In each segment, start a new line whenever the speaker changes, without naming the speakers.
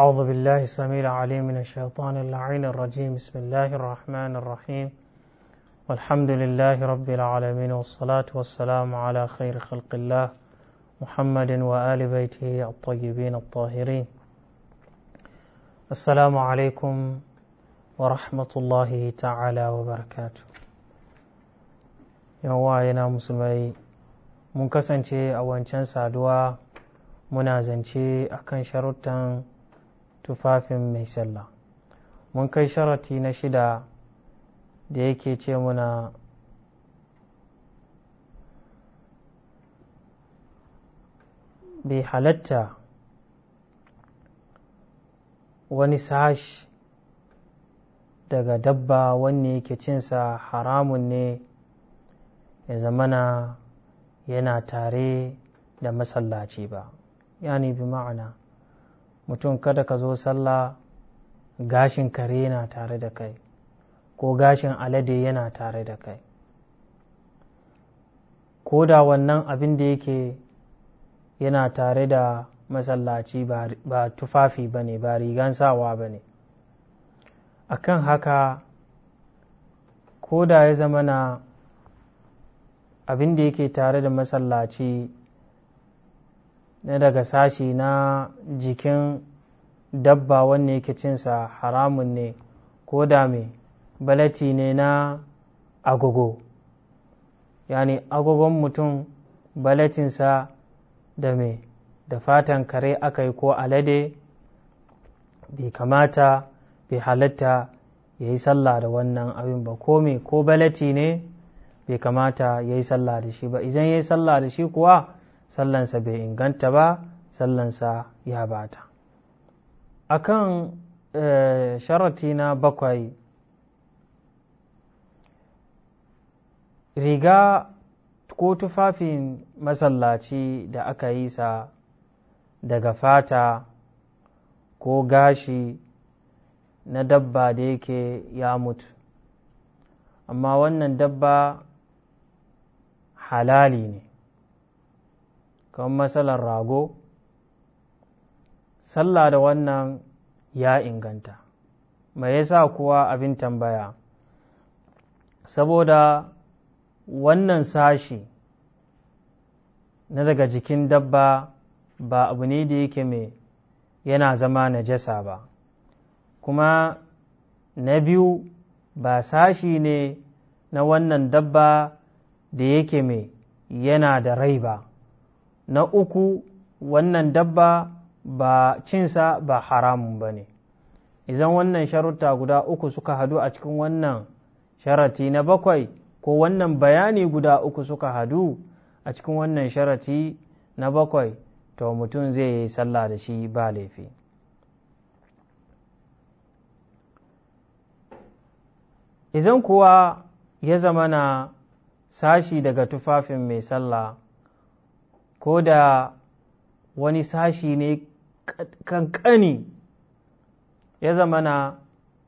أعوذ بالله السميع العليم من الشيطان اللعين الرجيم بسم الله الرحمن الرحيم والحمد لله رب العالمين والصلاة والسلام على خير خلق الله محمد وآل بيته الطيبين الطاهرين السلام عليكم ورحمة الله تعالى وبركاته يواينا مسلمي mun kasance a wancan saduwa muna zance akan sharuttan tufafin mai sallah mun kai sharati na shida da yake ce muna bai halatta wani sash daga dabba wanne yake cinsa haramun ne ya zamana yana tare da masallaci ba yani bi ma'ana mutum kada ka zo sallah gashin kare yana tare da kai ko gashin alade yana tare da kai ko da wannan abin da yake yana tare da masallaci ba tufafi ba ne ba rigan sawa ba ne a kan haka ko da ya zama na abin da yake tare da masallaci na daga sashi na jikin dabba wanne yake cinsa haramun ne ko da me balati ne na agogo yani agogon mutum balatinsa da me da fatan kare aka yi ko alade bai kamata bai halatta ya yi sallah da wannan abin ba ko me ko balati ne bai kamata ya yi sallah da shi ba idan ya yi sallah da shi kuwa sallansa bai inganta ba sallansa ya bata akan eh, sharati na bakwai riga ko tufafin masallaci da aka yi sa daga fata ko gashi na dabba da yake ya mutu amma wannan dabba halali ne kamar matsalar rago sallah da wannan ya inganta mai yasa kuwa abin tambaya saboda wannan sashi na daga jikin dabba ba abu ne da yake mai yana zama najasa ba kuma na biyu ba sashi ne na wannan dabba da yake mai yana da rai ba na uku wannan dabba ba cinsa ba haramun ba ne idan wannan sharuta guda uku suka hadu a cikin wannan sharati na bakwai ko wannan bayani guda uku suka hadu a cikin wannan sharati na bakwai to mutum zai yi sallah da shi ba laifi idan kuwa ya zama na sashi daga tufafin mai sallah ko da wani sashi ne kankani ya na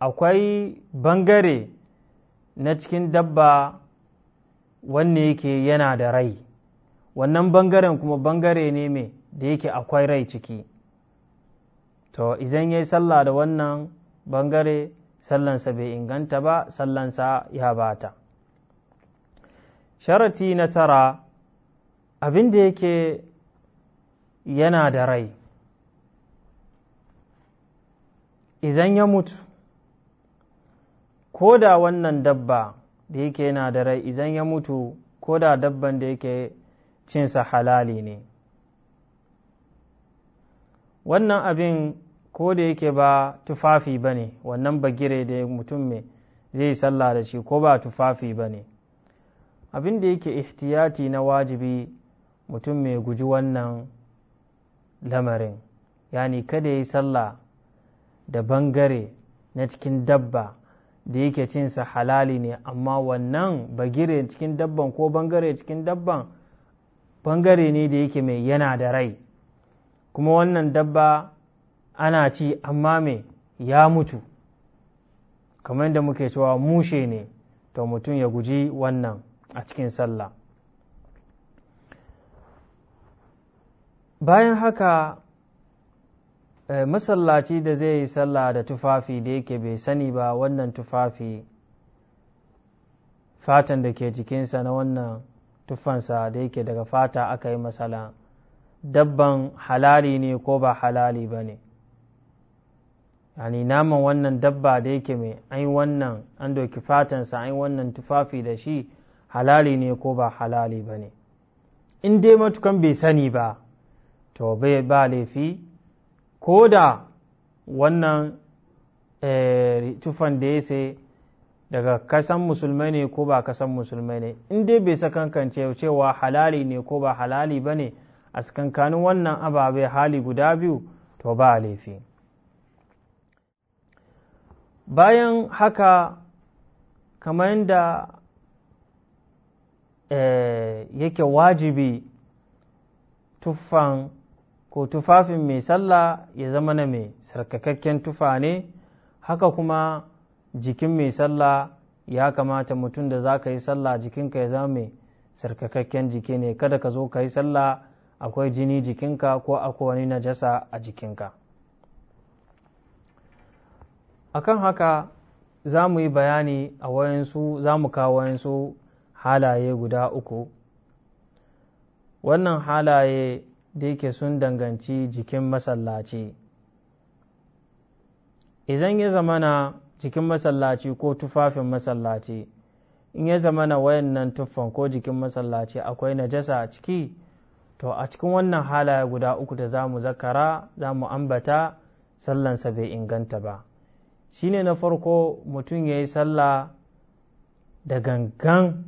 akwai bangare na cikin dabba wanne yake yana da rai wannan bangaren kuma bangare ne mai da yake akwai rai ciki to izan ya yi sallah da wannan bangare sallansa bai inganta ba sallansa ya bata sharati na tara abin da yake yana da rai idan ya mutu ko da wannan dabba da yake yana da rai idan ya mutu ko da dabban da yake cinsa halali ne wannan abin ko da yake ba tufafi ba ne wannan bagire da mutum mai zai sallah da shi ko ba tufafi ba ne abin da yake ihtiyati na wajibi mutum mai guji wannan lamarin yani kada ya yi sallah da bangare na cikin dabba da yake cinsa halali ne amma wannan bagire cikin dabban ko bangare cikin dabban bangare ne da yake mai yana da rai kuma wannan dabba ana ci amma mai ya mutu kamar da muke cewa mushe ne to mutum ya guji wannan a cikin sallah bayan haka eh, masallaci da zai yi sallah da tufafi da yake bai sani ba wannan tufafi fatan da ke jikinsa na wannan tufansa da yake daga fata aka yi masala dabban halali ne ko ba halali ba ne yani naman wannan dabba da yake mai an wannan an doki fatansa an wannan tufafi da shi halali ne ko ba halali ba ne in dai matukan bai sani ba to bai ba laifi ko da wannan eh, tufan da ya sai daga kasan musulmai ne ko ba kasan musulmai ne in dai bai sakankance cewa halali ne ko ba halali ba ne a tsakankanin wannan ababe hali guda biyu to ba laifi bayan haka kamar yadda eh, yake wajibi tuffan ko tufafin mai sallah ya zama na mai sarkakakken tufa ne haka kuma jikin mai sallah ya kamata mutum da za ka yi sallah jikinka ya zama mai sarkakakken jiki ne kada ka zo ka yi sallah akwai jini jikinka ko akwai wani najasa a jikinka akan haka za mu yi bayani a wayansu za mu kawo wayansu halaye guda uku wannan halaye da yake sun danganci jikin masallaci izan ya zamana jikin masallaci ko tufafin masallaci in ya zamana wayannan tuffan ko jikin masallaci akwai najasa a ciki to a cikin wannan halaye guda uku da za mu zakara za mu ambata sallansa bai inganta ba shine na farko mutum ya yi sallah da gangan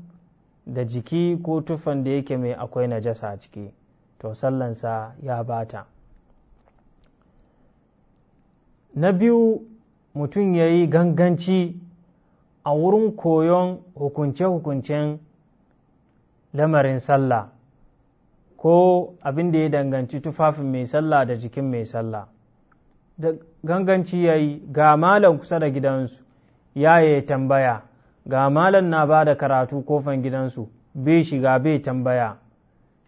da jiki ko tufan da yake mai akwai najasa a ciki to sallansa ya bata na biyu mutum ya yi ganganci a wurin koyon hukunce-hukuncen lamarin sallah ko abin da ya danganci tufafin mai sallah da jikin mai sallah da ganganci ya yi ga malam kusa da gidansu ya yi tambaya ga malam na ba da karatu kofan gidansu bai shiga bai tambaya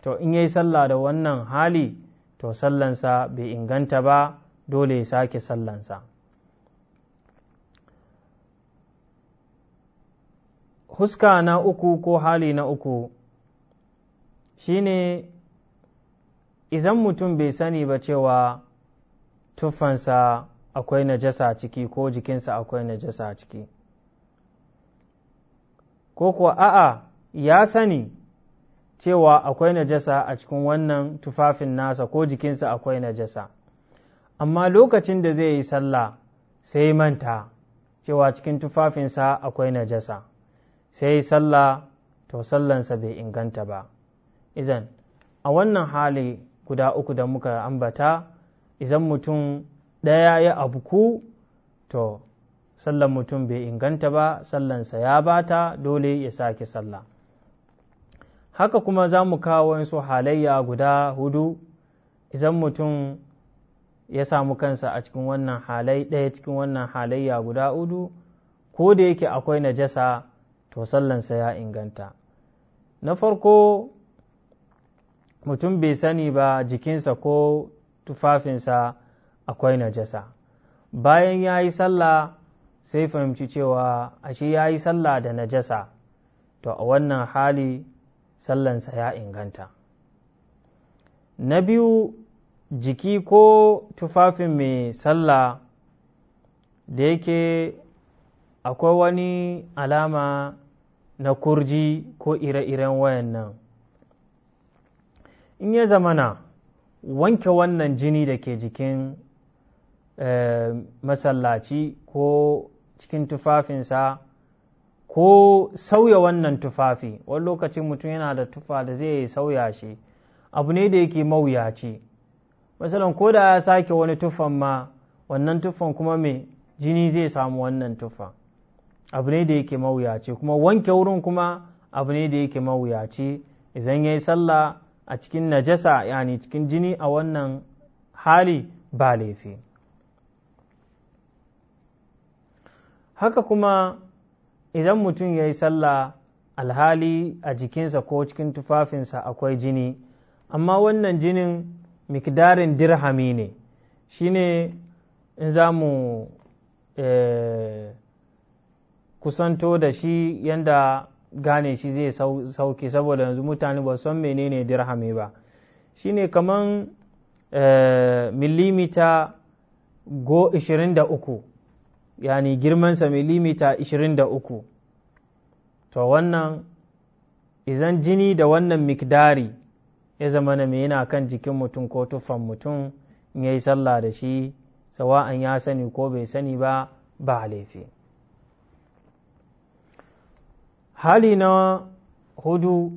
to in yi sallah da wannan hali to sallansa bai inganta ba dole ya sake sallansa huska na uku ko hali na uku shine idan mutum bai sani ba cewa tuffansa akwai najasa a ciki ko jikinsa akwai najasa a ciki ko kuwa a'a ya sani cewa akwai najasa a cikin wannan tufafin nasa ko jikinsa akwai najasa amma lokacin da zai yi sallah sai manta cewa cikin tufafinsa akwai najasa sai sallah to sallansa bai inganta ba izan a wannan hali guda uku da muka ambata Izan mutum ɗaya ya abuku to sallan mutum bai inganta ba sallansa ya bata dole ya sake sallah haka kuma za mu kawo su halayya guda hudu idan mutum ya samu kansa a cikin wannan halai ɗaya cikin wannan halayya guda hudu ko da yake akwai najasa to sallansa ya inganta na farko mutum bai sani ba jikinsa ko tufafinsa akwai najasa bayan ya yi sallah sai fahimci cewa ashe ya yi sallah da najasa to a wannan hali sallansa ya inganta na biyu jiki ko tufafin mai sallah da yake akwai wani alama na kurji ko ire-iren wayannan in ya zamana wanke wannan jini da ke jikin eh, masallaci ko cikin tufafinsa ko sauya wannan tufafi wani lokacin mutum yana da tufa da zai yi sauya shi abu ne da yake mawuyaci misalin ko da ya sake wani tufan ma wannan tufan kuma mai jini zai samu wannan tufa abu ne da yake mawuyaci kuma wanke wurin kuma abu ne da yake mawuyaci idan ya yi sallah a cikin najasa yani cikin jini a wannan hali ba laifi haka kuma idan mutum ya yi sallah alhali a jikinsa ko cikin tufafinsa akwai jini amma wannan jinin mikdarin dirhami ne shine in za mu eh, kusanto da shi yanda gane shi zai sauki saboda yanzu mutane ba san menene dirhami ba shine kaman eh, milimita go 23 yani girmansa milimita 23 to wannan izan jini da wannan mikdari ya zama na yana kan jikin mutum ko tufan mutum in yi sallah da shi sawa'an ya sani ko bai sani ba ba laifi hali na hudu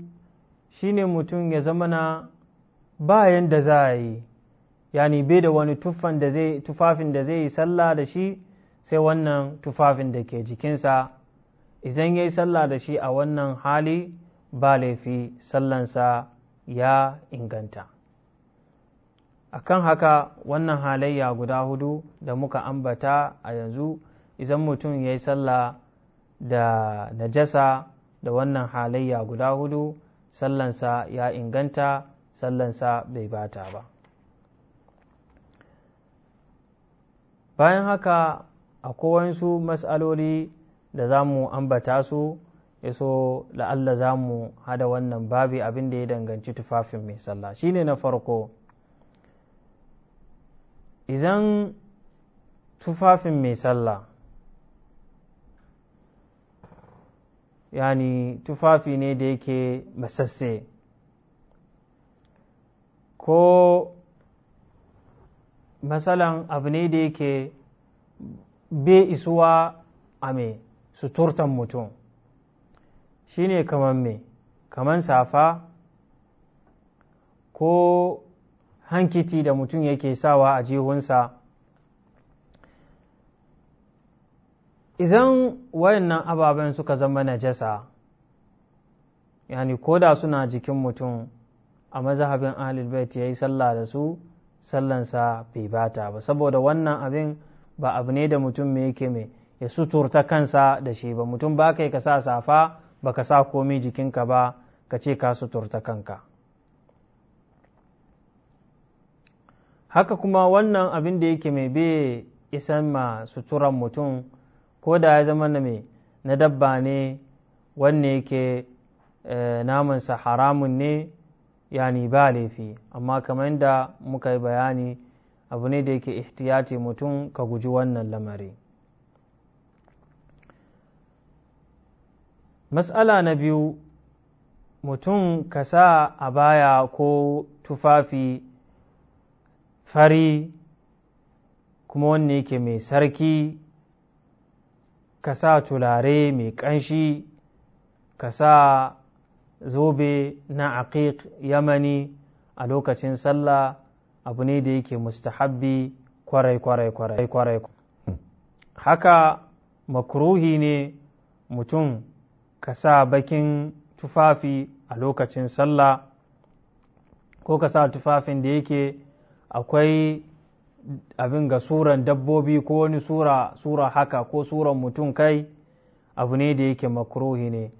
shine mutum ya zama na bayan da za a yi yani bai da wani tufafin da zai yi sallah da shi sai wannan tufafin da ke jikinsa idan ya yi sallah da shi a wannan hali ba laifi sallansa ya inganta akan haka wannan halayya guda hudu da muka ambata a yanzu idan mutum ya yi sallah da najasa da wannan halayya guda hudu sallansa ya inganta sallansa bai bata ba bayan haka akwai kowansu mas'aloli da za mu ambata su yaso la'alla za mu hada wannan babi abin da ya danganci tufafin mai sallah shine na farko idan tufafin mai sallah yani tufafi ne da yake masasse ko masalan abu ne da yake bai isuwa a mai suturtan mutum Shi ne kamar mai kamar safa ko hankiti da mutum yake sawa a jihunsa Izan wayannan ababen suka zama najasa yani ko da suna jikin mutum a mazhabin ahlul bait yayi sallah da su sallansa bai bata ba saboda wannan abin ba abu ne da mutum mai yake mai ya suturta kansa da shi ba mutum ba kai ka sa safa ba ka sa komi jikinka ba ka ce ka suturta kanka haka kuma wannan abin da yake mai bai isan ma suturan mutum ko da ya zama na mai na dabba ne wanne yake eh, namansa haramun ne yani ba laifi amma kamar da muka yi bayani abu ne da yake ihtiyati mutum ka guji wannan lamari matsala na biyu mutum ka sa a baya ko tufafi fari kuma wanne yake mai sarki ka sa tulare mai ƙanshi ka sa zobe na aqiq yamani a lokacin sallah abu ne da yake mustahabbi kwarai kwarai kwarai kwarai haka makruhi ne mutum ka sa bakin tufafi a lokacin sallah ko ka sa tufafin da yake akwai abin ga suran dabbobi ko wani sura haka ko suran mutum kai abu ne da yake makruhi ne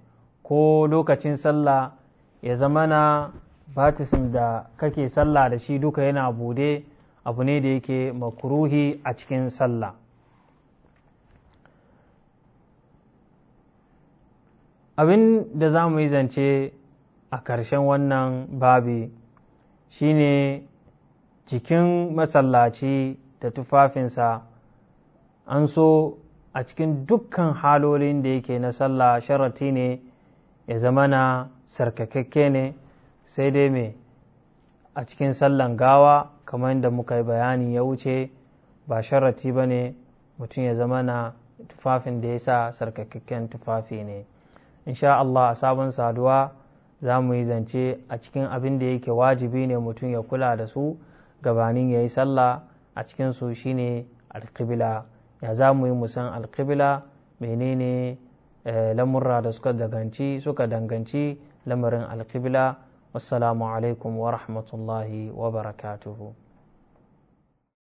ko lokacin sallah ya zama na batisin da kake sallah da shi duka yana bude abu ne da yake makuruhi a cikin sallah abin da za mu yi zance a ƙarshen wannan babi shine jikin masallaci da tufafinsa an so a cikin dukkan halolin da yake na sallah sharati ne ya zama na sarkakakke ne sai dai me a cikin sallan gawa kamar yadda muka yi bayani ya wuce ba sharati ba ne mutum ya zama na tufafin da ya sa sarkakakken tufafi ne insha Allah a sabon saduwa za mu yi zance a cikin abin da yake wajibi ne mutum ya kula da su gabanin ya yi sallah a cikin su shine alkibila ya za mu yi musan alkibila menene eh, lamurra da suka danganci suka danganci lamarin alkibila wassalamu alaikum wa rahmatullahi wa barakatuhu